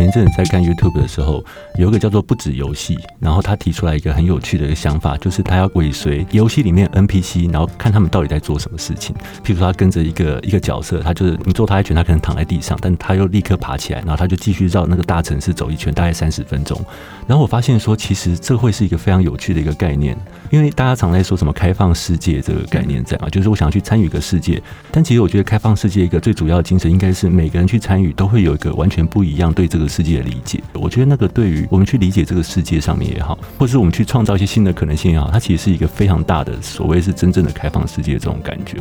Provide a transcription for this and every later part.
前陣子在看 YouTube 的時候，有一個叫做“不止遊戲”，然後他提出來一個很有趣的一個想法，就是他要尾隨遊戲裡面 NPC，然後看他們到底在做什麼事情。譬如他跟着一個一個角色，他就是你揍他一拳，他可能躺在地上，但他又立刻爬起來，然後他就繼續繞那個大城市走一圈，大概三十分鐘。然後我發現說，其實這會是一個非常有趣的一個概念，因為大家常在說什麼開放世界這個概念在嘛，就是我想去參與一個世界。但其實我覺得開放世界一個最主要的精神，應該是每個人去參與都會有一個完全不一樣對這個。世界的理解，我覺得那個對於我們去理解這個世界上面也好，或是我們去創造一些新的可能性也好，它其實是一個非常大的，所謂是真正的開放世界這種感覺。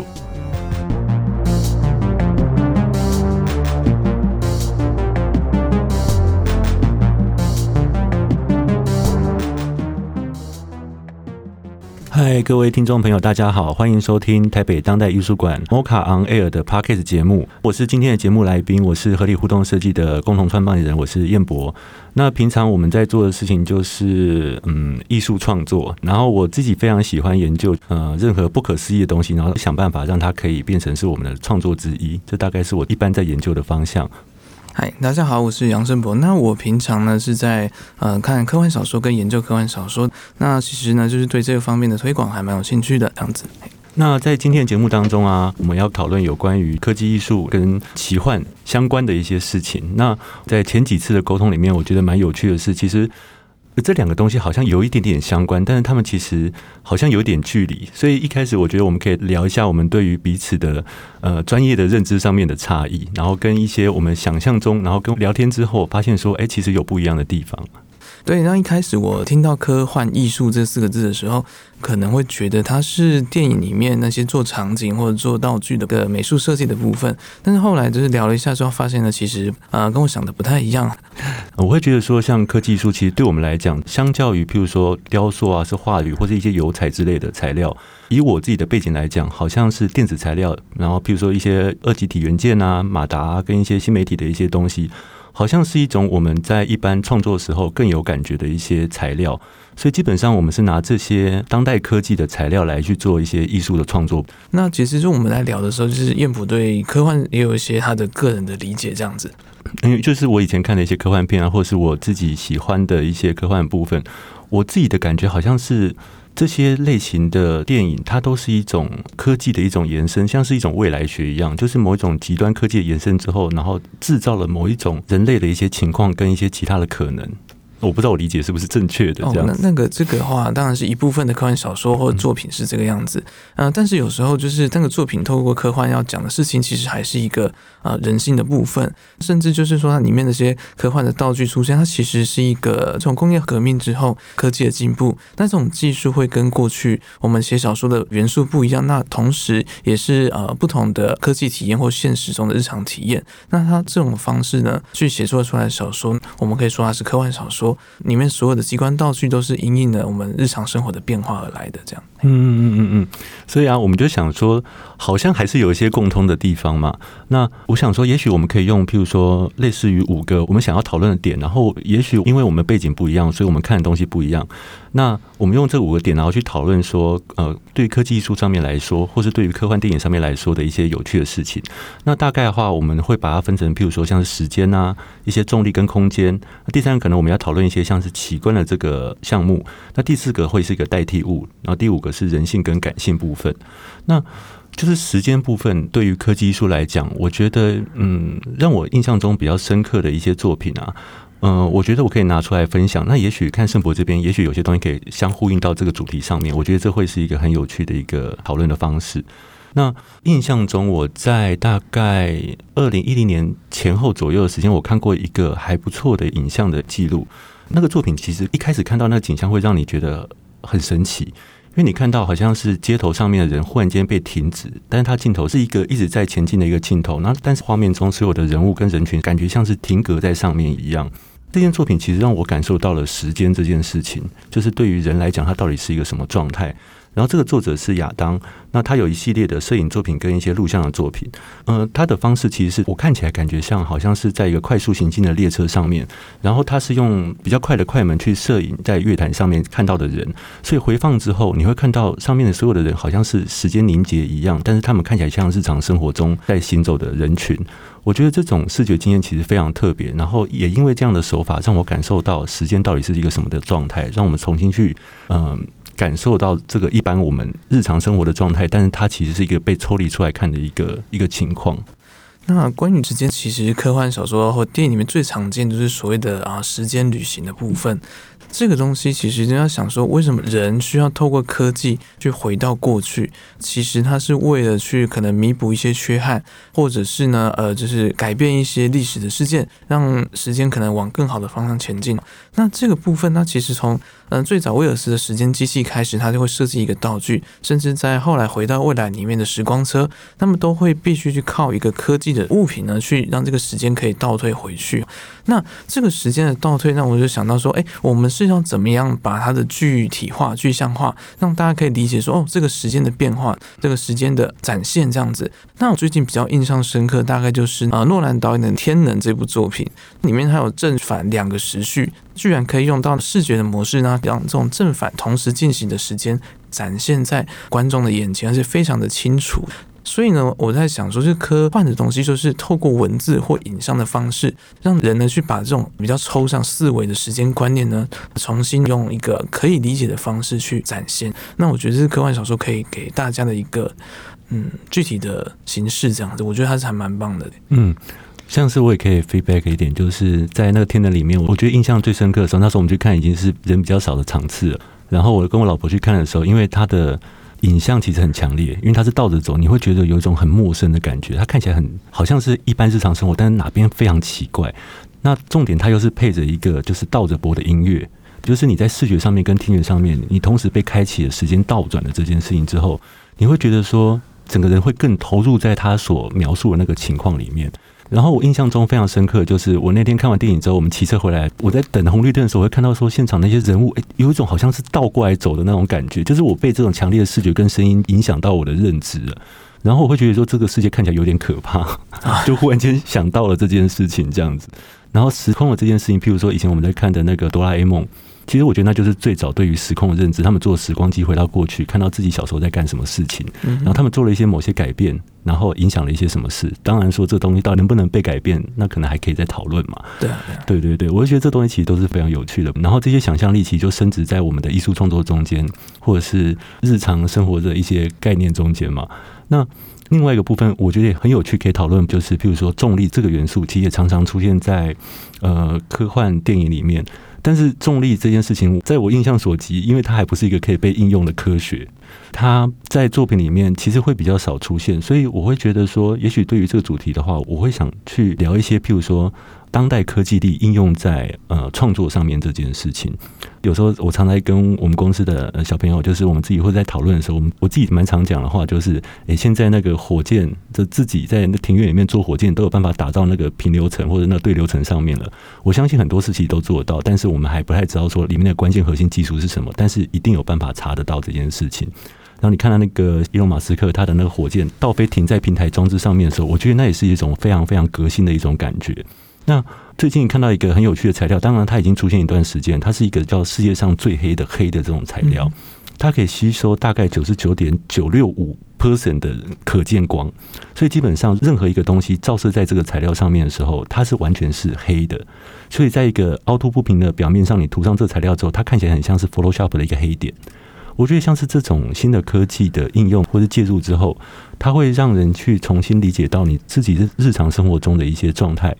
嗨，各位聽眾朋友，大家好，歡迎收聽台北當代藝術館摩卡 on air 的 Podcast 節目。我是今天的節目來賓，我是何理互動設計的共同創辦人，我是彥伯。那平常我們在做的事情就是，嗯，藝術創作。然後我自己非常喜歡研究，呃，任何不可思議的東西，然後想辦法讓它可以變成是我們的創作之一。這大概是我一般在研究的方向。嗨，大家好，我是楊勝博。那我平常呢是在呃看科幻小說跟研究科幻小說。那其實呢，就是對這個方面的推廣還蠻有興趣的這樣子。那在今天的節目當中啊，我們要討論有關於科技藝術跟奇幻相關的一些事情。那在前幾次的溝通裡面，我覺得蠻有趣的是，其實。這兩個東西好像有一點點相關，但是他們其實好像有點距離。所以一開始我覺得我們可以聊一下我們對於彼此的呃專業的認知上面的差異，然後跟一些我們想象中，然後跟聊天之後發現說，誒，其實有不一樣的地方。所以，當一開始我聽到“科幻藝術”這四個字的時候，可能會覺得它是電影裡面那些做場景或者做道具的個美術設計的部分。但是後來就是聊了一下之後，發現呢，其實啊、呃，跟我想的不太一樣。我會覺得說，像科技藝術，其實對我們來講，相較於譬如說雕塑啊、是畫語或者一些油彩之類的材料，以我自己的背景來講，好像是電子材料，然後譬如說一些二極體元件啊、馬達、啊、跟一些新媒體的一些東西。好像是一種我們在一般創作的時候更有感覺的一些材料，所以基本上我們是拿這些當代科技的材料來去做一些藝術的創作。那其實就我們來聊的時候，就是彥伯對科幻也有一些他的個人的理解，這樣子。因為就是我以前看的一些科幻片啊，或是我自己喜歡的一些科幻部分。我自己的感覺好像是這些類型的電影，它都是一種科技的一種延伸，像是一種未來學一樣，就是某一種極端科技的延伸之後，然後製造了某一種人類的一些情況跟一些其他的可能。我不知道我理解是不是正確的這樣子。那、哦、那個這個話，當然是一部分的科幻小說或者作品是這個樣子。嗯、呃，但是有時候就是那個作品透過科幻要講的事情，其實還是一個呃人性的部分，甚至就是說它裡面那些科幻的道具出現，它其實是一個從工業革命之後科技的進步，那這種技術會跟過去我們寫小說的元素不一樣。那同時也是呃不同的科技體驗或現實中的日常體驗。那它這種方式呢，去寫作出來的小說，我們可以說它是科幻小說。裡面所有的機關道具都是因應了我們日常生活的變化而來的，這樣。嗯嗯嗯嗯嗯，所以啊，我們就想說，好像還是有一些共通的地方嘛。那我想說，也許我們可以用，譬如說，類似於五個我們想要討論的點。然後，也許因為我們背景不一樣，所以我們看的東西不一樣。那我們用這五個點，然後去討論說，呃，對科技藝術上面來說，或是對於科幻電影上面來說的一些有趣的事情。那大概的話，我們會把它分成，譬如說，像是時間啊，一些重力跟空間。那第三個可能我們要討論一些像是奇觀的這個項目。那第四個會是一個代替物。然後第五個是人性跟感性部分。那就是時間部分對於科技藝術來講，我覺得嗯，讓我印象中比較深刻的一些作品啊，嗯、呃，我覺得我可以拿出來分享。那也許看勝博這邊，也許有些東西可以相呼應到這個主題上面。我覺得這會是一個很有趣的一個討論的方式。那印象中我在大概二零一零年前後左右的時間，我看過一個還不錯的影像的記錄。那個作品其實一開始看到那個景象，會讓你覺得很神奇。因為你看到好像是街頭上面的人忽然間被停止，但是他鏡頭是一個一直在前進的一個鏡頭，那但是畫面中所有的人物跟人群感覺像是停格在上面一樣。這件作品其實讓我感受到了時間這件事情，就是對於人來講，它到底是一個什麼狀態。然後這個作者是亞當，那他有一系列的攝影作品跟一些錄像的作品，呃，他的方式其實是我看起來感覺像好像是在一個快速行進的列車上面，然後他是用比較快的快門去攝影，在月台上面看到的人，所以回放之後你會看到上面的所有的人好像是時間凝結一樣，但是他們看起來像日常生活中在行走的人群，我覺得這種視覺經驗其實非常特別，然後也因為這樣的手法，讓我感受到時間到底是一個什麼的狀態，讓我們重新去嗯。呃感受到這個一般我們日常生活的狀態，但是它其實是一個被抽離出來看的一個一個情況。那關於之間，其實科幻小說或電影裡面最常見就是所謂的啊時間旅行的部分。這個東西其實就要想說，為什麼人需要透過科技去回到過去？其實它是為了去可能彌補一些缺憾，或者是呢呃，就是改變一些歷史的事件，讓時間可能往更好的方向前進。那這個部分，它其實從嗯，最早威爾斯的時間機器開始，他就會設計一個道具，甚至在後來回到未來裡面的時光車，他們都會必須去靠一個科技的物品呢，去讓這個時間可以倒退回去。那這個時間的倒退，讓我就想到說，欸，我們是要怎麼樣把它的具體化、具象化，讓大家可以理解說，哦，這個時間的變化，這個時間的展現，這樣子。那我最近比較印象深刻，大概就是啊，諾蘭導演的《天能》這部作品，裡面還有正反兩個時序，居然可以用到視覺的模式呢，讓這種正反同時進行的時間展現在觀眾的眼前，而且非常的清楚。所以呢，我在想說，這科幻的東西，就是透過文字或影像的方式，讓人呢去把這種比較抽象、思維的時間觀念呢，重新用一個可以理解的方式去展現。那我覺得這是科幻小說可以給大家的一個，嗯，具體的形式。這樣子，我覺得它是還蠻棒的、欸。嗯，像是我也可以 feedback 一點，就是在那個天能裡面，我覺得印象最深刻的時候，那時候我們去看已經是人比較少的場次了。然後我跟我老婆去看的時候，因為她的。影像其實很強烈，因為它是倒着走，你會覺得有一種很陌生的感覺。它看起來很，好像是一般日常生活，但是哪邊非常奇怪。那重點它又是配着一個就是倒着播的音樂，就是你在視覺上面跟聽覺上面，你同時被開啟了時間倒轉的這件事情之後，你會覺得說整個人會更投入在他所描述的那個情況裡面。然後我印象中非常深刻，就是我那天看完電影之後，我們騎車回來，我在等紅綠燈的時候，我會看到說現場那些人物，誒，有一種好像是倒過來走的那種感覺，就是我被這種強烈的視覺跟聲音影響到我的認知了。然後我會覺得說這個世界看起來有點可怕，就忽然間想到了這件事情這樣子。然後時空的這件事情，譬如說以前我們在看的那個哆啦 A 夢。其實我覺得那就是最早對於時空的認知，他們坐時光機回到過去，看到自己小時候在幹什麼事情，然後他們做了一些某些改變，然後影響了一些什麼事。當然說這東西到底能不能被改變，那可能還可以再討論嘛。對對對，我就覺得這東西其實都是非常有趣的。然後這些想象力其實就升值在我們的藝術創作中間，或者是日常生活的一些概念中間嘛。那另外一個部分，我覺得也很有趣，可以討論就是，譬如說重力這個元素，其實也常常出現在呃科幻電影裡面。但是重力這件事情，在我印象所及，因為它還不是一個可以被應用的科學。他在作品裡面其實會比較少出現，所以我會覺得說，也許對於這個主題的話，我會想去聊一些，譬如說當代科技力應用在呃創作上面這件事情。有時候我常來跟我們公司的、呃、小朋友，就是我們自己會在討論的時候，我們我自己蠻常講的話就是，誒、欸，現在那個火箭，就自己在那庭院裡面做火箭，都有辦法打造那個平流層或者那個對流層上面了。我相信很多事情都做得到，但是我們還不太知道說裡面的關鍵核心技術是什麼，但是一定有辦法查得到這件事情。然後你看到那個伊隆馬斯克他的那個火箭倒飛停在平台裝置上面的時候，我覺得那也是一種非常非常革新的一種感覺。那最近你看到一個很有趣的材料，當然它已經出現一段時間，它是一個叫世界上最黑的黑的這種材料，它可以吸收大概九十九點九六五 percent 的可見光，所以基本上任何一個東西照射在這個材料上面的時候，它是完全是黑的。所以在一個凹凸不平的表面上，你塗上這個材料之後，它看起來很像是 Photoshop 的一個黑點。我覺得像是這種新的科技的應用或是介入之後，它會讓人去重新理解到你自己日日常生活中的一些狀態。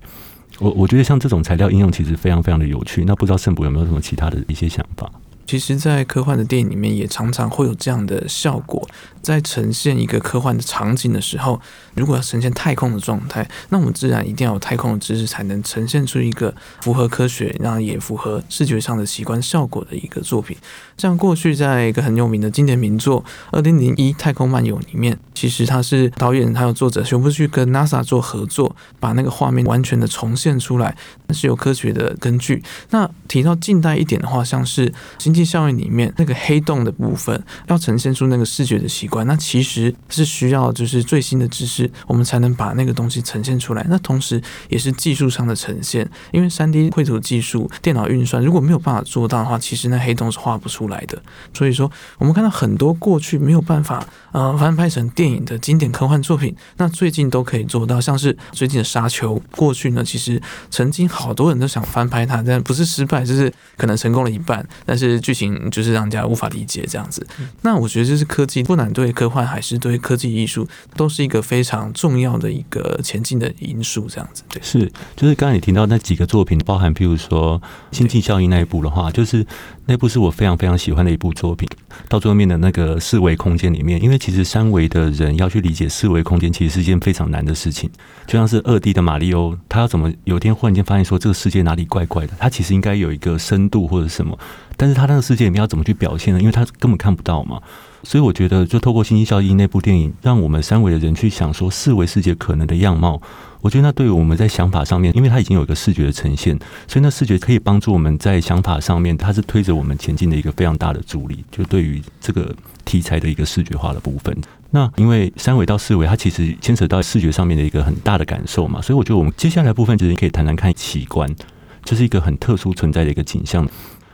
我我覺得像這種材料應用其實非常非常的有趣。那不知道勝博有沒有什麼其他的一些想法？其實，在科幻的電影裡面，也常常會有這樣的效果。在呈現一個科幻的場景的時候，如果要呈現太空的狀態，那我們自然一定要有太空的知識，才能呈現出一個符合科學，那也符合視覺上的奇觀效果的一個作品。像過去在一個很有名的經典名作《二零零一太空漫遊》裡面，其實他是導演還有作者全部去跟 NASA 做合作，把那個畫面完全的重現出來，那是有科學的根據。那提到近代一點的話，像是星效應裡面那個黑洞的部分，要呈現出那個視覺的習慣，那其實是需要就是最新的知識，我們才能把那個東西呈現出來。那同時也是技術上的呈現，因為三 D 繪圖技術、電腦運算如果沒有辦法做到的話，其實那黑洞是畫不出來的。所以說，我們看到很多過去沒有辦法呃翻拍成電影的經典科幻作品，那最近都可以做到，像是最近的《沙丘》。過去呢，其實曾經好多人都想翻拍它，但不是失敗，就是可能成功了一半，但是。劇情就是讓人家無法理解這樣子。那我覺得就是科技，不管對科幻還是對科技藝術，都是一個非常重要的一個前進的因素。這樣子，對，是就是剛才你提到那幾個作品，包含譬如說《星際效應》那一部的話，就是那部是我非常非常喜歡的一部作品。到最後面的那個四維空間裡面，因為其實三維的人要去理解四維空間，其實是一件非常難的事情。就像是二 D 的瑪利歐，他要怎麼有一天忽然間發現說這個世界哪裡怪怪的？他其實應該有一個深度或者什麼。但是他那個世界裡面要怎麼去表現呢？因為他根本看不到嘛，所以我覺得就透過《星際效應》那部電影，讓我們三維的人去想說四維世界可能的樣貌。我覺得那對於我們在想法上面，因為它已經有一個視覺的呈現，所以那視覺可以幫助我們在想法上面，它是推着我們前進的一個非常大的助力。就對於這個題材的一個視覺化的部分，那因為三維到四維，它其實牽扯到視覺上面的一個很大的感受嘛，所以我覺得我們接下來部分其實可以談談看奇觀，這是一個很特殊存在的一個景象。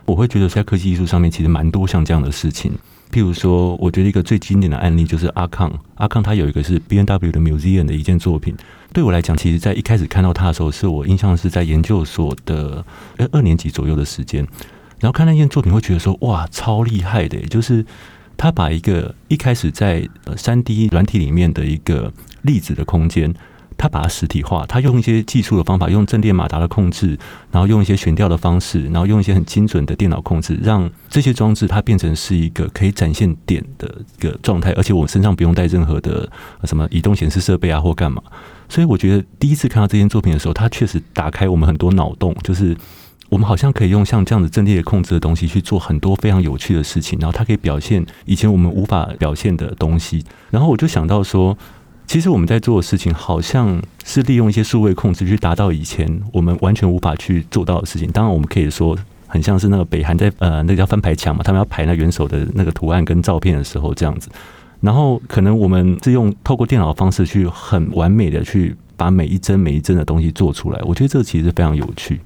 我會覺得在科技藝術上面其實蠻多像這樣的事情，譬如說，我覺得一個最經典的案例就是阿康，阿康他有一個是 B M W 的 Museum 的一件作品。對我來講，其實在一開始看到他的時候，是我印象是在研究所的二年級左右的時間，然後看那件作品會覺得說，哇，超厲害的，就是他把一個一開始在三 D 軟體裡面的一個粒子的空間。他把它實體化，他用一些技術的方法，用陣列馬達的控制，然後用一些懸吊的方式，然後用一些很精準的電腦控制，讓這些裝置它變成是一個可以展現點的一個狀態，而且我們身上不用帶任何的什麼移動顯示設備啊或幹嘛。所以我覺得第一次看到這件作品的時候，它確實打開我們很多腦洞，就是我們好像可以用像這樣子陣列控制的東西去做很多非常有趣的事情，然後它可以表現以前我們無法表現的東西。然後我就想到說。其實我們在做的事情，好像是利用一些數位控制去達到以前我們完全無法去做到的事情。當然，我們可以說很像是那個北韓在呃，那個叫翻牌牆嘛，他們要排那元首的那個圖案跟照片的時候這樣子。然後可能我們是用透過電腦的方式去很完美的去把每一幀每一幀的東西做出來。我覺得這個其實是非常有趣。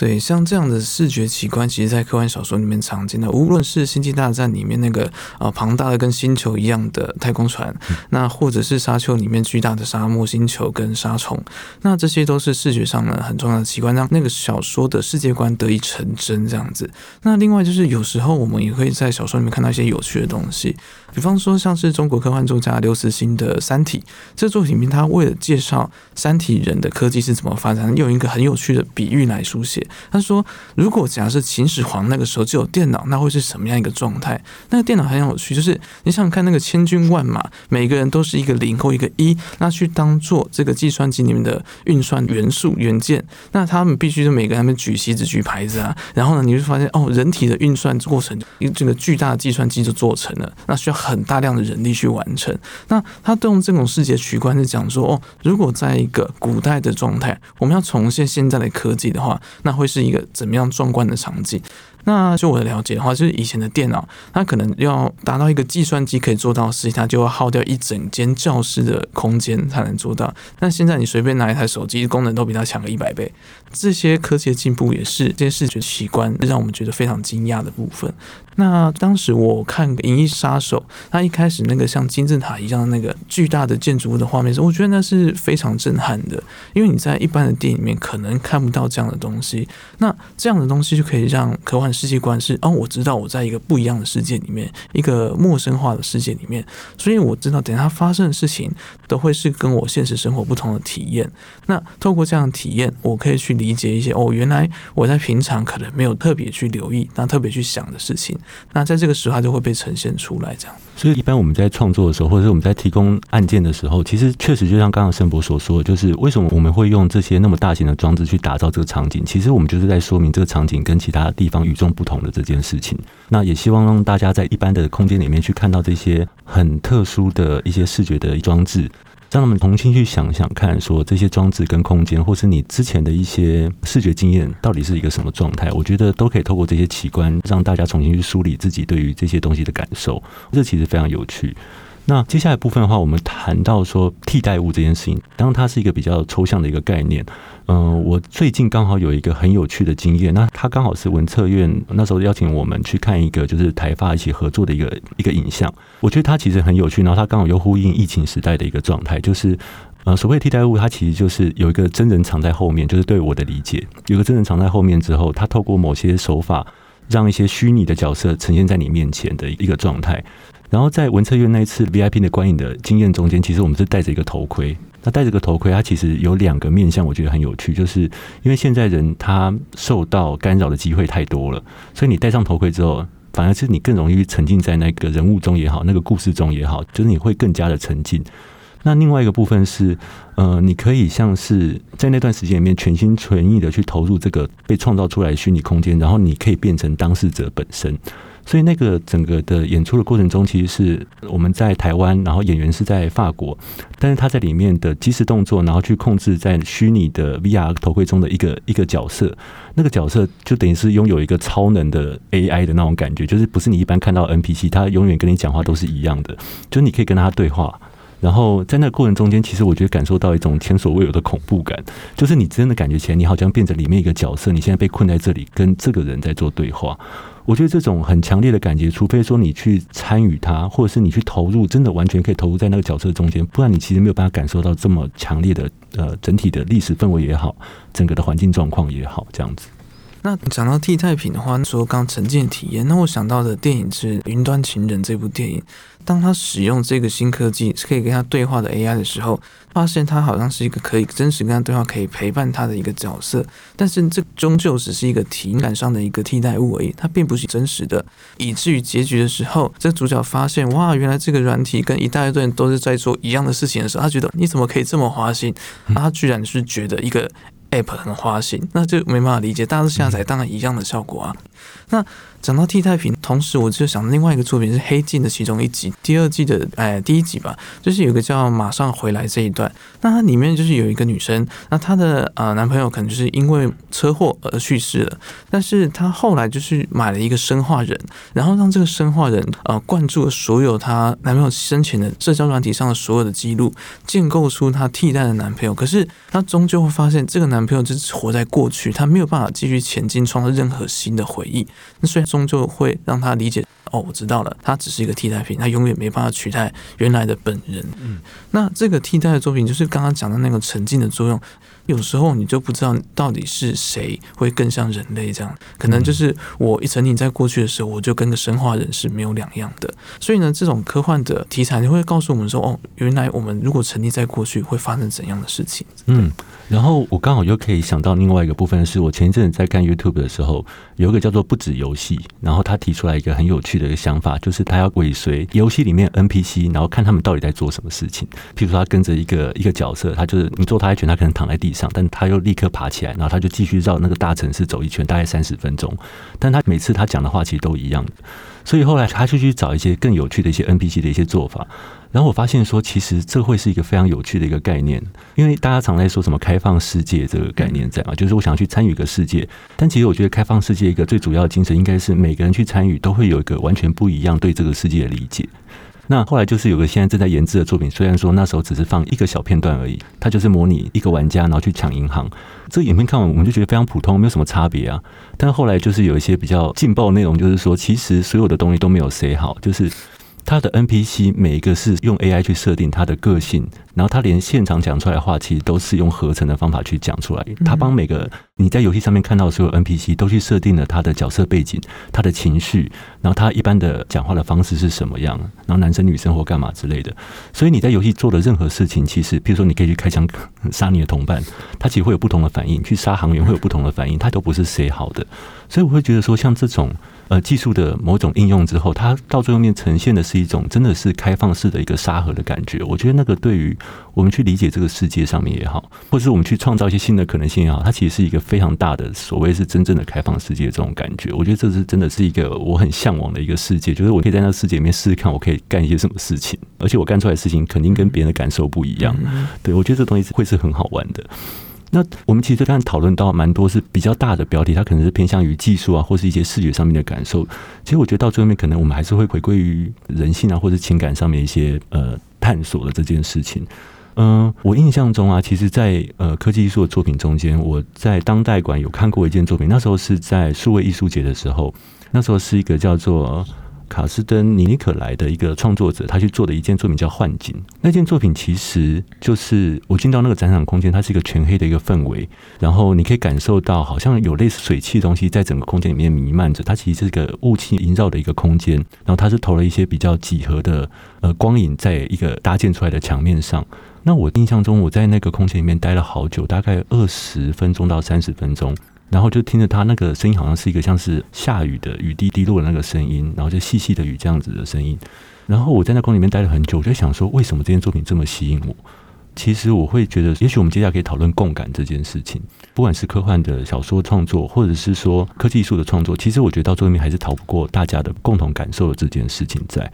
對，像這樣的視覺奇觀，其實，在科幻小說裡面常見的，無論是《星際大戰》裡面那個啊呃，龐大的跟星球一樣的太空船，那或者是沙丘裡面巨大的沙漠星球跟沙蟲，那這些都是視覺上呢很重要的奇觀，讓那個小說的世界觀得以成真這樣子。那另外就是有時候我們也可以在小說裡面看到一些有趣的東西，比方說像是中國科幻作家劉慈欣的《三體》，這作品裡面他為了介紹三體人的科技是怎麼發展，用一個很有趣的比喻來書寫。他說：“如果假設秦始皇那個時候就有電腦，那會是什麼樣一個狀態？那個電腦很有趣，就是你想看，那個千軍萬馬，每個人都是一個零或一個一，那去當做這個計算機裡面的運算元素元件。那他們必須是每個人他們舉旗子舉牌子啊。然後呢，你就發現哦，人體的運算過程，一整個巨大的計算機就做成了。那需要很大量的人力去完成。那他對用這種世界奇觀是講說哦，如果在一個古代的狀態，我們要重現現在的科技的話，那。”會是一個怎麼樣壯觀的場景？那就我的了解的話，就是以前的電腦，它可能要達到一個計算機可以做到的事情，它就要耗掉一整間教室的空間才能做到。但現在你隨便拿一台手機，功能都比它強了一百倍。這些科技的進步也是這些視覺奇觀，讓我們覺得非常驚訝的部分。那當時我看《銀翼殺手》，他一開始那個像金字塔一樣的那個巨大的建築物的畫面時，我覺得那是非常震撼的，因為你在一般的電影裡面可能看不到這樣的東西。那這樣的東西就可以讓科幻世界觀是：哦，我知道我在一個不一樣的世界裡面，一個陌生化的世界裡面。所以我知道，等他發生的事情都會是跟我現實生活不同的體驗。那透過這樣的體驗，我可以去理解一些哦，原來我在平常可能沒有特別去留意、但特別去想的事情。那在這個時候它就會被呈現出來，這樣。所以一般我們在創作的時候，或者是我們在提供案件的時候，其實確實就像剛剛勝博所說的，就是為什麼我們會用這些那麼大型的裝置去打造這個場景，其實我們就是在說明這個場景跟其他地方與眾不同的這件事情。那也希望讓大家在一般的空間裡面去看到這些很特殊的一些視覺的裝置。讓他們重新去想想看，說這些裝置跟空間，或是你之前的一些視覺經驗，到底是一個什麼狀態？我覺得都可以透過這些奇觀，讓大家重新去梳理自己對於這些東西的感受，這其實非常有趣。那接下來部分的話，我們談到說替代物這件事情，當然它是一個比較抽象的一個概念。嗯、呃，我最近剛好有一個很有趣的經驗，那它剛好是文策院那時候邀請我們去看一個就是台法一起合作的一個一個影像。我覺得它其實很有趣，然後它剛好又呼應疫情時代的一個狀態，就是呃，所謂的替代物，它其實就是有一個真人藏在後面，就是對我的理解，有個真人藏在後面之後，他透過某些手法讓一些虛擬的角色呈現在你面前的一個狀態。然後在文策院那一次 VIP 的觀影的經驗中間，其實我們是戴着一個頭盔。那戴着個頭盔，它其實有兩個面向，我覺得很有趣，就是因為現在人他受到干擾的機會太多了，所以你戴上頭盔之後，反而其實你更容易沉浸在那個人物中也好，那個故事中也好，就是你會更加的沉浸。那另外一個部分是，呃，你可以像是在那段時間裡面全心全意的去投入這個被創造出來的虛擬空間，然後你可以變成當事者本身。所以那個整個的演出的過程中，其實是我們在台灣，然後演員是在法國，但是他在裡面的即時動作，然後去控制在虛擬的 VR 頭盔中的一個一個角色，那個角色就等於是擁有一個超能的 AI 的那種感覺，就是不是你一般看到 NPC，他永遠跟你講話都是一樣的，就你可以跟他對話。然後在那個過程中間，其實我覺得感受到一種前所未有的恐怖感，就是你真的感覺起來，你好像變成裡面一個角色，你現在被困在這裡，跟這個人在做對話。我覺得這種很強烈的感覺，除非說你去參與它，或者是你去投入，真的完全可以投入在那個角色中間，不然你其實沒有辦法感受到這麼強烈的呃整體的歷史氛圍也好，整個的環境狀況也好，這樣子。那講到替代品的話，說剛沉浸體驗，那我想到的電影是《雲端情人》這部電影。當他使用這個新科技，是可以跟他對話的 AI 的時候，發現他好像是一個可以真實跟他對話、可以陪伴他的一個角色。但是這終究只是一個情感上的一個替代物而已，它並不是真實的。以至於結局的時候，這主角發現，哇，原來這個軟體跟一大堆人都是在做一樣的事情的時候，他覺得你怎麼可以這麼花心、嗯啊？他居然是覺得一個。App 很花心，那就沒辦法理解。但是下載當然一樣的效果啊。那講到替代品，同時我就想另外一個作品是《黑鏡》的其中一集，第二季的哎第一集吧，就是有一個叫《馬上回來》這一段。那它裡面就是有一個女生，那她的呃男朋友可能就是因為車禍而去世了，但是她後來就是買了一個生化人，然後讓這個生化人呃灌注了所有她男朋友生前的社交軟體上的所有的記錄，建構出她替代的男朋友。可是她終究會發現，這個男朋友只活在過去，她沒有辦法繼續前進，創造任何新的回憶。所以終究就會讓他理解哦，我知道了，它只是一個替代品，它永遠沒辦法取代原來的本人。嗯，那這個替代的作品就是剛剛講的那個沉浸的作用，有時候你就不知道到底是誰會更像人類這樣，可能就是我一沉浸在過去的時候，我就跟個生化人是沒有兩樣的。嗯。所以呢，這種科幻的題材會告訴我們說，哦，原來我們如果沉浸在過去，會發生怎樣的事情。嗯。然後我剛好又可以想到另外一個部分，是我前一陣子在看 YouTube 的時候，有一個叫做不止遊戲，然後他提出來一個很有趣的一個想法，就是他要尾隨遊戲裡面 NPC，然後看他們到底在做什麼事情。譬如說，他跟着一個一個角色，他就是你揍他一拳，他可能躺在地上，但他又立刻爬起來，然後他就繼續繞那個大城市走一圈，大概三十分鐘。但他每次他講的話其實都一樣，所以後來他就去找一些更有趣的一些 NPC 的一些做法。然後我發現說，其實這會是一個非常有趣的一個概念，因為大家常在說什麼開放世界這個概念在嘛，就是我想要去參與一個世界。但其實我覺得開放世界一個最主要的精神，應該是每個人去參與都會有一個完全不一樣對這個世界的理解。那後來就是有個現在正在研制的作品，雖然說那時候只是放一個小片段而已，它就是模擬一個玩家然後去搶銀行。這個影片看完，我們就覺得非常普通，沒有什麼差別啊。但後來就是有一些比較勁爆的內容，就是說其實所有的東西都沒有寫好，就是。他的 NPC 每一個是用 AI 去設定他的個性，然後他連現場講出來的話其實都是用合成的方法去講出來。他幫每個你在遊戲上面看到所有 NPC 都去設定了他的角色背景、他的情緒，然後他一般的講話的方式是什麼樣，然後男生女生或幹嘛之類的。所以你在遊戲做的任何事情，其實譬如說你可以去開槍殺你的同伴，他其實會有不同的反應；去殺行員會有不同的反應，他都不是誰好的。所以我會覺得說，像這種。呃，技術的某種應用之後，它到最後面呈現的是一種真的是開放式的一個沙盒的感覺。我覺得那個對於我們去理解這個世界上面也好，或者是我們去創造一些新的可能性也好，它其實是一個非常大的，所謂是真正的開放世界這種感覺。我覺得這是真的是一個我很向往的一個世界，就是我可以在那個世界裡面試試看，我可以幹一些什麼事情，而且我幹出來的事情肯定跟別人的感受不一樣。對，我覺得這東西會是很好玩的。那我們其實剛才討論到蠻多是比較大的標題，它可能是偏向於技術啊，或是一些視覺上面的感受。其實我覺得到最後面，可能我們還是會回歸於人性啊，或者情感上面一些呃探索的這件事情。嗯、呃，我印象中啊，其實在，在呃科技藝術的作品中間，我在當代館有看過一件作品，那時候是在數位藝術節的時候，那時候是一個叫做。卡斯登尼尼可萊的一個創作者，他去做的一件作品叫《幻境》。那件作品其實就是我進到那個展覽空間，它是一個全黑的一個氛圍，然後你可以感受到好像有類似水汽的東西在整個空間裡面瀰漫着。它其實是一個霧氣縈繞的一個空間，然後它是投了一些比較幾何的呃光影在一個搭建出來的牆面上。那我印象中，我在那個空間裡面待了好久，大概二十分鐘到三十分鐘。然後就聽着他那個聲音，好像是一個像是下雨的雨滴滴落的那個聲音，然後就細細的雨這樣子的聲音。然後我在那宮裡面待了很久，我就想說，為什麼這件作品這麼吸引我？其實我會覺得，也許我們接下來可以討論共感這件事情。不管是科幻的小說創作，或者是說科技藝術的創作，其實我覺得到最後面還是逃不過大家的共同感受的這件事情在。在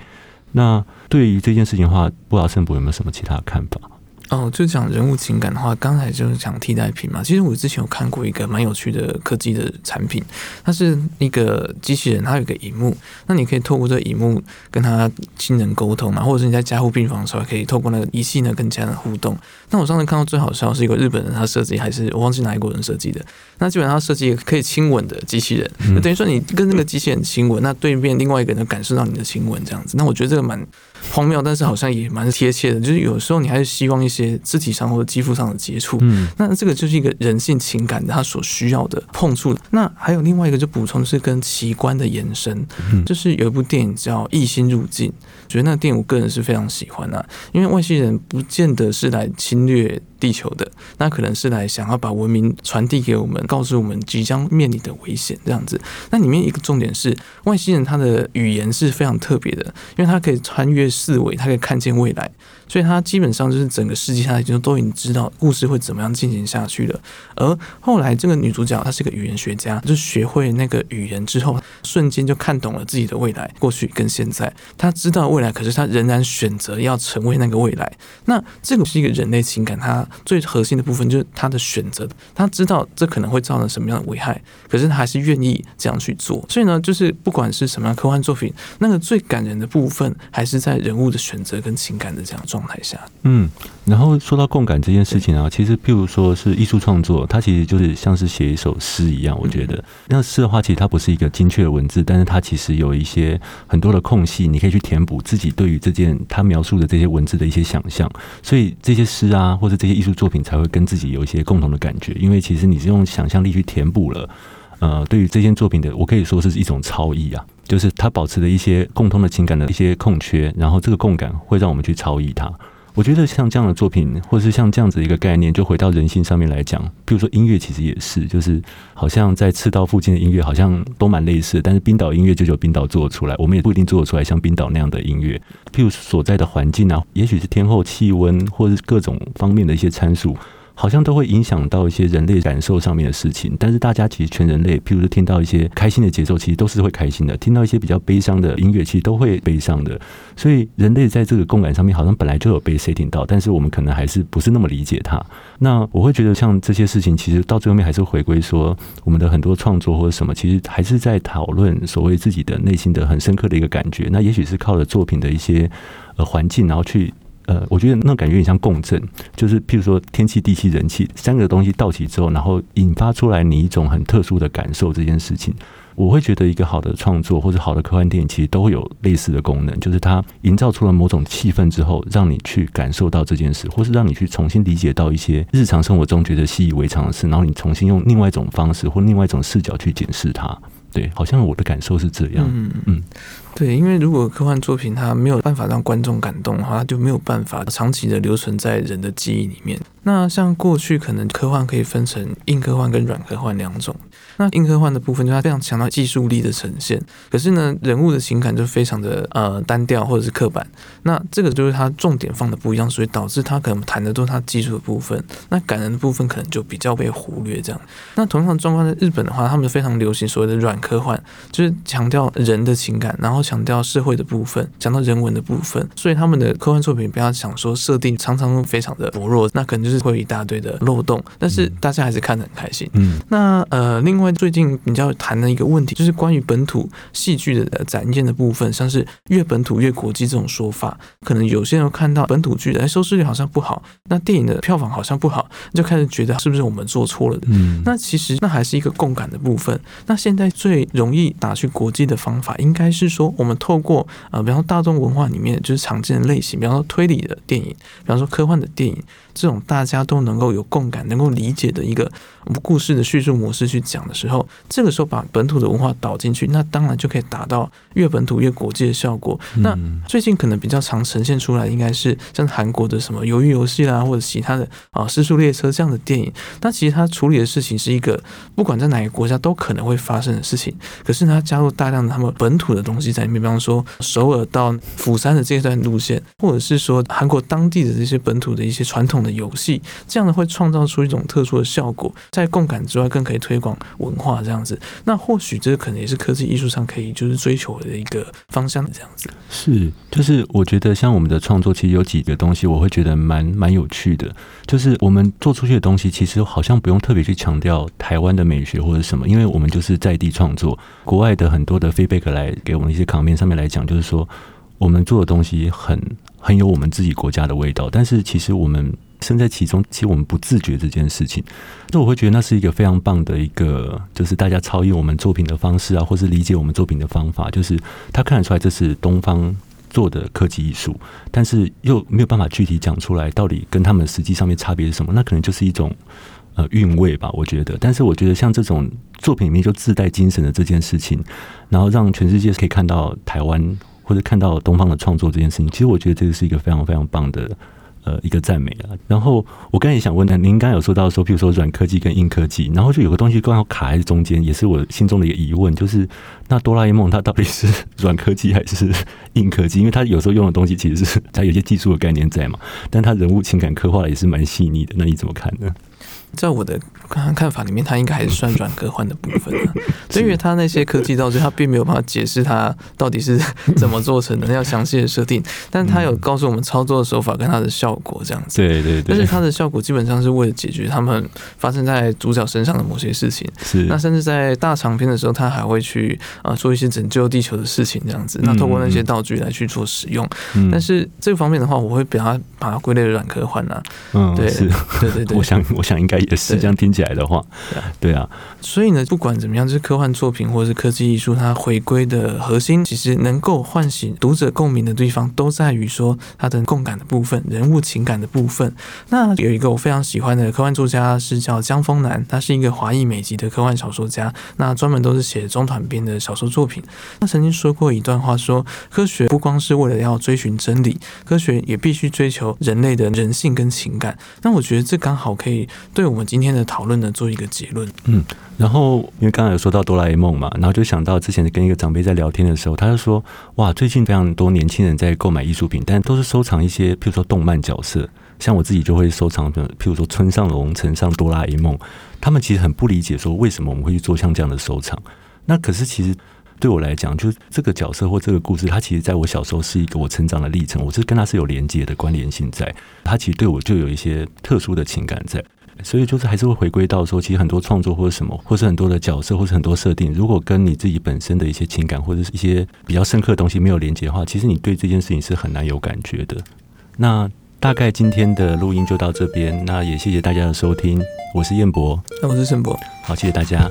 那，對於這件事情的話，不知道勝博有沒有什麼其他的看法？哦、oh，就講人物情感的話，剛才就是講替代品嘛。其實我之前有看過一個蠻有趣的科技的產品，它是一個機器人，它有一個熒幕，那你可以透過這熒幕跟它親人溝通嘛，或者是你在加護病房的時候，可以透過那個儀器呢跟家人互動。那我上次看到最好笑是一個日本人，他設計還是我忘記哪國人設計的。那基本上他設計可以親吻的機器人，嗯、就等於說，你跟那個機器人親吻，那對面另外一個人感受到你的親吻這樣子。那我覺得這個蠻。荒謬，但是好像也蠻貼切的。就是有時候你還是希望一些肢體上或者肌膚上的接觸。嗯，那這個就是一個人性情感他所需要的碰觸。那還有另外一個就補充就是跟奇觀的延伸，就是有一部電影叫《異心入境》，嗯，覺得那個電影我個人是非常喜歡的，啊，因為外星人不見得是來侵略。地球的那可能是來想要把文明傳遞給我們，告訴我們即將面臨的危險這樣子。那裡面一個重點是外星人他的語言是非常特別的，因為他可以穿越四維，他可以看見未來，所以他基本上就是整個世界下來就都已經知道故事會怎麼樣進行下去了。而後來這個女主角她是個語言學家，就學會那個語言之後，瞬間就看懂了自己的未來、過去跟現在。她知道未來，可是她仍然選擇要成為那個未來。那這個是一個人類情感，她。最核心的部分就是他的選擇，他知道這可能會造成什麼樣的危害，可是他還是願意這樣去做。所以呢，就是不管是什麼樣科幻作品，那個最感人的部分還是在人物的選擇跟情感的這樣狀態下。嗯，然後說到共感這件事情啊，其實譬如說是藝術創作，它其實就是像是寫一首詩一樣。我覺得、嗯、那詩的話，其實它不是一個精確的文字，但是它其實有一些很多的空隙，你可以去填補自己對於這件他描述的這些文字的一些想象所以這些詩啊，或者這些藝術作品才會跟自己有一些共同的感覺，因為其實你是用想象力去填補了，呃，對於這件作品的，我可以說是一種超意啊，就是它保持的一些共通的情感的一些空缺，然後這個共感會讓我們去超意它。我覺得像這樣的作品，或是像這樣子一個概念，就回到人性上面來講。譬如說音樂，其實也是，就是好像在赤道附近的音樂，好像都蠻類似。但是冰島音樂就只有冰島做出來，我們也不一定做得出來像冰島那樣的音樂。譬如所在的環境啊，也許是天候、氣溫，或是各種方面的一些參數。好像都會影響到一些人類感受上面的事情，但是大家其實全人類，譬如說聽到一些開心的節奏，其實都是會開心的；聽到一些比較悲傷的音樂，其實都會悲傷的。所以人類在這個共感上面，好像本來就有被 setting 到，但是我們可能還是不是那麼理解它。那我會覺得，像這些事情，其實到最後面還是回歸說，我們的很多創作或者什麼，其實還是在討論所謂自己的內心的很深刻的一個感覺。那也許是靠着作品的一些呃環境，然後去。呃，我覺得那感覺有點像共振，就是譬如說天氣、地氣、人氣三個東西到齊之後，然後引發出來你一種很特殊的感受。這件事情，我會覺得一個好的創作或者好的科幻電影，其實都會有類似的功能，就是它營造出了某種氣氛之後，讓你去感受到這件事，或是讓你去重新理解到一些日常生活中覺得習以為常的事，然後你重新用另外一種方式或另外一種視角去檢視它。對，好像我的感受是這樣。嗯嗯。對，因為如果科幻作品它沒有辦法讓觀眾感動的話，它就沒有辦法長期的留存在人的記憶裡面。那像過去可能科幻可以分成硬科幻跟軟科幻兩種。那硬科幻的部分，就它非常強調技術力的呈現，可是呢，人物的情感就非常的呃單調或者是刻板。那這個就是它重點放的不一樣，所以導致它可能談的都是它技術的部分，那感人的部分可能就比較被忽略這樣。那同樣的狀況在日本的話，他們非常流行所謂的軟科幻，就是強調人的情感，然後。強調社會的部分，講到人文的部分，所以他們的科幻作品不要想說設定常常都非常的薄弱，那可能就是會有一大堆的漏洞。但是大家還是看得很開心。嗯，那呃，另外最近比較談的一個問題，就是關於本土戲劇的展現的部分，像是越本土越國際這種說法，可能有些人看到本土劇的收視率好像不好，那電影的票房好像不好，就開始覺得是不是我們做錯了的。嗯，那其實那還是一個共感的部分。那現在最容易打去國際的方法，應該是說。我們透過呃，比方說大眾文化裡面就是常見的類型，比方說推理的電影，比方說科幻的電影。這種大家都能夠有共感、能夠理解的一個故事的敘述模式去講的時候，這個時候把本土的文化導進去，那當然就可以達到越本土越國際的效果。那最近可能比較常呈現出來，應該是像韓國的什麼魷魚遊戲啦，或者其他的啊，屍速列車這樣的電影。那其實它處理的事情是一個不管在哪個國家都可能會發生的事情，可是它加入大量的他們本土的東西在裡面，比方說首爾到釜山的這段路線，或者是說韓國當地的這些本土的一些傳統。遊戲這樣的會創造出一種特殊的效果，在共感之外，更可以推廣文化這樣子。那或許這可能也是科技藝術上可以就是追求的一個方向。這樣子是，就是我覺得像我們的創作，其實有幾個東西我會覺得蠻蠻有趣的，就是我們做出去的東西，其實好像不用特別去強調台灣的美學或者什麼，因為我們就是在地創作。國外的很多的 feedback 來給我們一些層面上面來講，就是說我們做的東西很很有我們自己國家的味道，但是其實我們。身在其中，其實我們不自覺這件事情。那我會覺得那是一個非常棒的一個，就是大家超越我們作品的方式啊，或是理解我們作品的方法。就是他看得出來這是東方做的科技藝術，但是又沒有辦法具體講出來到底跟他們實際上面差別是什麼？那可能就是一種呃韻味吧，我覺得。但是我覺得像這種作品裡面就自帶精神的這件事情，然後讓全世界可以看到台灣或者看到東方的創作這件事情，其實我覺得這個是一個非常非常棒的。呃，一個讚美啊。然後我剛才也想問他，您剛才有說到說，譬如說軟科技跟硬科技，然後就有個東西剛好卡在中間，也是我心中的一個疑問，就是那哆啦 A 夢它到底是軟科技還是硬科技？因為它有時候用的東西其實是它有些技術的概念在嘛，但它人物情感刻畫也是蠻細膩的。那你怎麼看呢？在我的看法裡面，它應該還是算軟科幻的部分啊。所以，因為它那些科技道具，它並沒有辦法解釋它到底是怎麼做成的，要詳細的設定。但它有告訴我們操作的手法跟它的效果這樣子。對對對對。而且它的效果基本上是為了解決他們發生在主角身上的某些事情。是。那甚至在大長篇的時候，它還會去啊做一些拯救地球的事情這樣子。那通過那些道具來去做使用。嗯。但是這方面的話，我會他把它把它歸類為軟科幻啊。嗯，對，對對對對。我想，我想應該。也是這樣聽起來的話，對對，對啊，所以呢，不管怎麼樣，就是科幻作品或是科技藝術，它回歸的核心，其實能夠喚醒讀者共鳴的地方，都在於說它的共感的部分、人物情感的部分。那有一個我非常喜歡的科幻作家是叫姜峯楠，他是一個華裔美籍的科幻小說家，那專門都是寫中短篇的小說作品。他曾經說過一段話說，說科學不光是為了要追尋真理，科學也必須追求人類的人性跟情感。那我覺得這剛好可以對我。我們今天的討論呢，做一個結論。嗯，然後因為剛才有說到哆啦 A 夢嘛，然後就想到之前跟一個長輩在聊天的時候，他就說：“哇，最近非常多年輕人在購買藝術品，但都是收藏一些，譬如說動漫角色，像我自己就會收藏的，譬如說村上隆、城上哆啦 A 夢。他們其實很不理解，說為什麼我們會去做像這樣的收藏。那可是其實對我來講，就是這個角色或這個故事，它其實在我小時候是一個我成長的歷程，我是跟他是有連接的關聯性在，在他其實對我就有一些特殊的情感在。”所以就是還是會回歸到說，其實很多創作或者什麼，或是很多的角色，或是很多設定，如果跟你自己本身的一些情感或者是一些比較深刻的東西沒有連接的話，其實你對這件事情是很難有感覺的。那大概今天的錄音就到這邊，那也謝謝大家的收聽，我是彥伯，那我是勝博，好，謝謝大家。